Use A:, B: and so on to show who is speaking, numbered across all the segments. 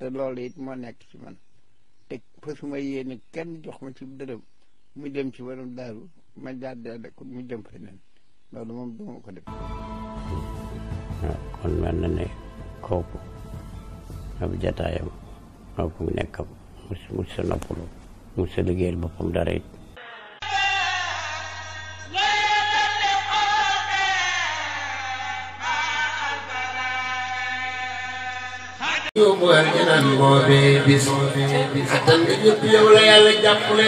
A: te loolu it moo nekk ci man te fasuma yéene kenn jox ma ci dërëm mu dem ci waram daaru ma jaar dee ko mu dem feneen loolu moom duma ko def ah, kon mel na ne kooku ab jataayam kooku mu nekkam mu sa noppalu mu sa liggéeyal boppam dara it Yo, bueno. nan boobee bis xatan nga ñëpp yow la yàlla jàppale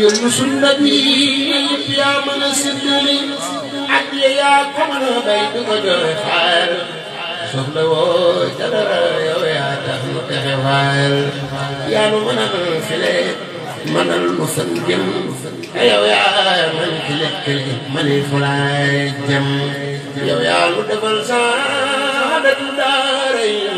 A: yoon nu sunna bi ñëpp yaa mën a séddale ak ya yaa ko mën a bay di ko joxe faal soxla woo ca dara yow yaa tax nu texe faal yaa nu mën a mën file mënal mu fan jëm yow yaa man ki lekk mani fulaay jëm yow yaa nu defal saadatu daara yi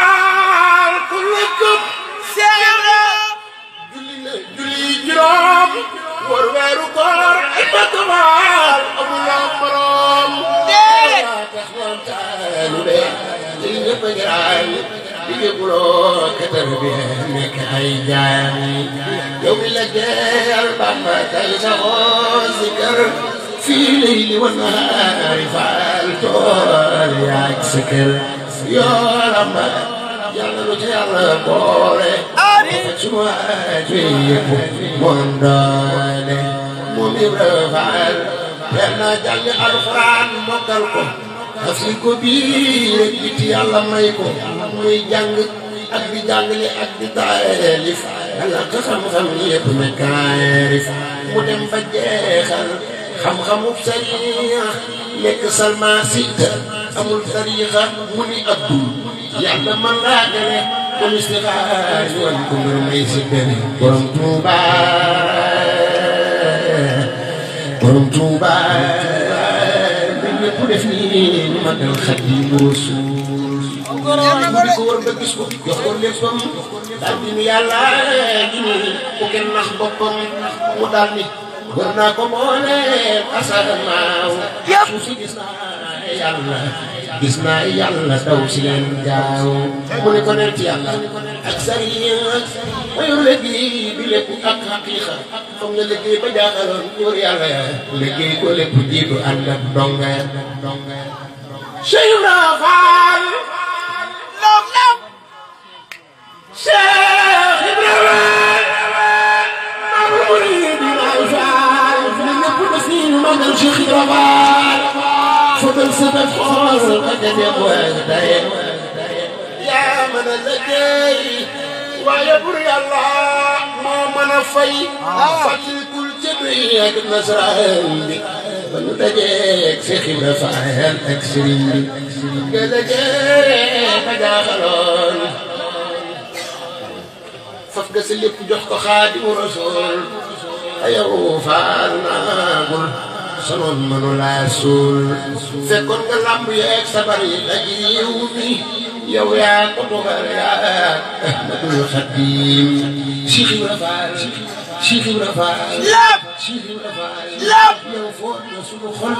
A: يبلوك تربيهنك عيدان يوم لقير بما تلزم ذكر في ليل ونهار فعلت رياك سكر يا رب يا رب يا رب فجواجيك منداني ممير فعل لأن جل القرآن مقلقه تفسيكو بيه يا الله ما يكون muy jàng ak di jàngale ak di taalif làq xam-xam yëpp na kaarif mu dem ba jeexal xam-xamub sariya nekk salma sidda amul tariixa mu ni abdul yàlla man laa gane kon istixaar ñu wan ko ngir may siddane borom tuuba borom tuuba bi ñëpp def nii ñu magal xadimu rasul ñu di ko wër ba gis ko jox ko léppam daal di ni yàlla gi ni ku kenn nax boppam mu daal ni wër naa ko boole asaanaaw suuf si gis naa yàlla gis naa yàlla daw si leen gaaw mu ne ko nekk yàlla ak sariya mayu léegi bi lépp ak xaqiiqa xam nga liggéey ba jaaxaloon ñor yàlla liggéey ko lépp jiitu ànd ak donga donga Cheikh Ibra Fall رمضان فضل سبب خاص القدم وحدي يا من لدي ويبر يا الله ما من في فتل كل جميع نصر عندي بنو دجيك في خيمة فعال أكسرين دجيك داخلون ففقس اللي بجحك خادم رسول أيوه فعلنا قل sonoon mënu laa suul fekkoon nga làmb yeeg sabar yi daj yiw mi yow yaa ko dogal yaa Ahmadul Xadim Cheikh Ibra Fall Cheikh Ibra Fall lépp Cheikh Ibra Fall lépp yow foot na sunu xol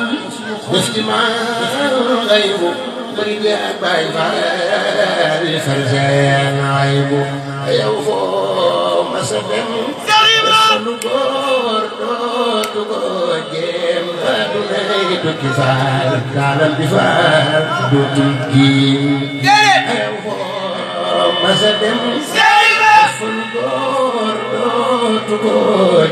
A: def ci maa ngay bu bëri yaa bàyyi faal farjaayaan ay bu yow foo ma sa dem du ko jéem adunay du ci faal kaalam bi faal du tukkiim ew foo masa dem ful góor dootu ko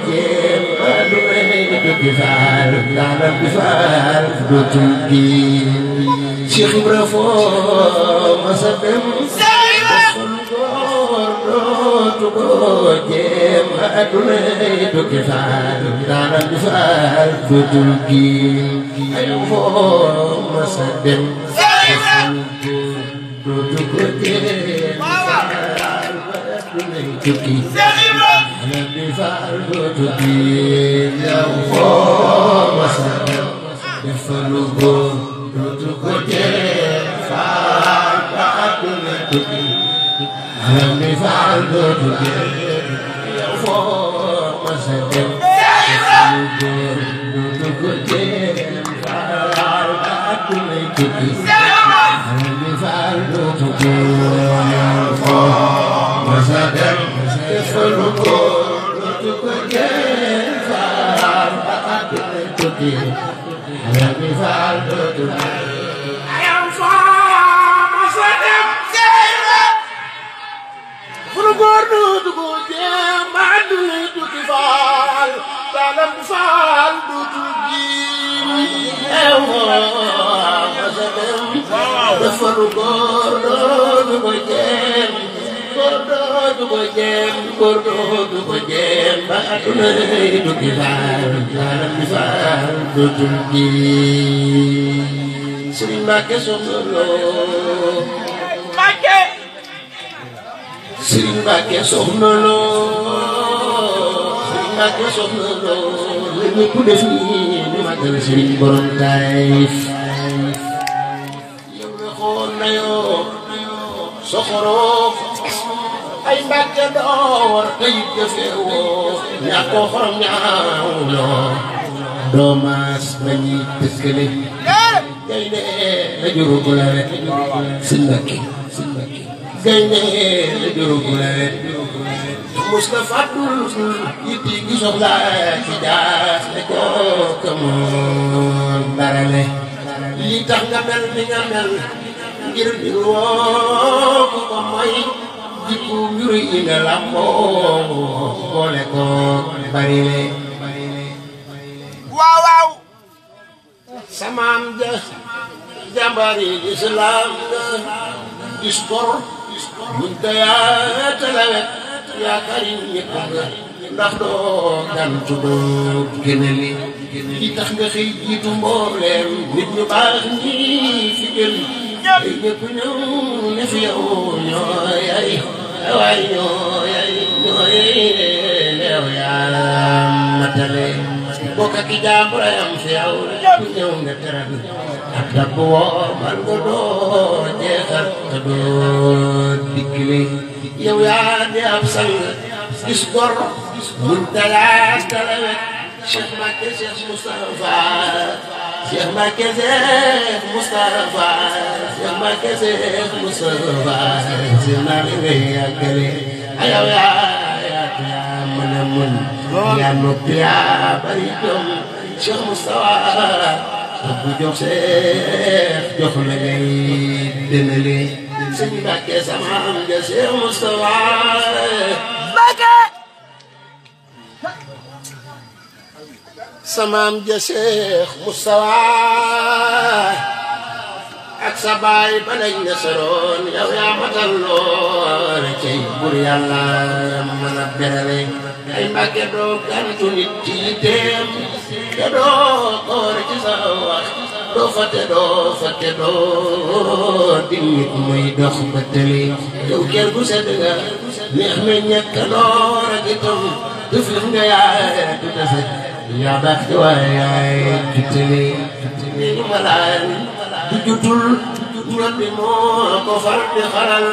A: jéem adunay du ci faal kaalam bi faal du tukkiim Cheikh Ibra foo masa dem ko jéem aduna tukki faal daanam di faal dootul kii ay foo masa dem dootu ko jéem faal aduna tukki daanam di faal dootul kii yow foo masa dem defalu góor أهل فعل فوق مسجد Thank you. lu góor dootu jéem a adduna tukki faal salam faal dootu ji ew dafa lu góor dootu ko jéem góor dootu ko jéem góor dootu ko jéem ba adduna tukki faal salam faal dootu ji Serigne Mbacké Soxna Lo Serigne Mbacké Soxna Lo Serigne Mbacké Soxna Lo li ñëpp def nii ñu màggal Serigne borom Taif yow la xool na yoo soxoroo ay Mbacké door tey defee woo ñàkkoo xorom ñaaw loo doomaas la ñuy tëkkale gaynde la juru ko la rek Serigne Mbacké gaynde juróom-guné. Moustapha Dul yitti gi soxla ci jaas ne kooka moom barale. li tax nga mel ni nga di woo ku ko mooy jikku mbir yi nga lamboo samaam ja jàmbaari islam gis kor. bunta yaa talawet yaa karim ñëpp nga ndax doo gan tuddoo gëne li li tax nga xëy jiitu mbooleem nit ñu baax ñi fi gën ay ñëpp ñëw ne fi yow ñooy ay waay ñooy ay ñooy leew yaa matale bokk ak i jàmbur ay am si yow ku ñëw nga teral ak dab woomal ko doo jeexal te doo dikkili
B: yow yaa di ab sang
A: gis gor mun talaat talawe Cheikh Mbacké Cheikh Moustapha Cheikh Mbacké Cheikh Moustapha Cheikh Mbacké Cheikh Moustapha si naa leen yàggale ayaw yaa mën a mën yaa nopp yaa bari jom Cheikh Moustapha bu jox Cheikh jox la ngay dënale sëñ Mbàkke sama am ja Cheikh Moustapha Mbàkke sama am ja Cheikh Moustapha ak sa baay ba lañ ne soroon yow yaa matal loo boole cay bur yàlla mën a berale ay mbàkke doo gàntu nit ci yitteem te doo xool ci sa wax doo fàtte doo fàtte doo dimbali muy dox ba tëli yow kër gu sedd nga neex me ñàkk lool ak itam duflif nga yaay du defet yaa baax ci waaye yaay du bi xaral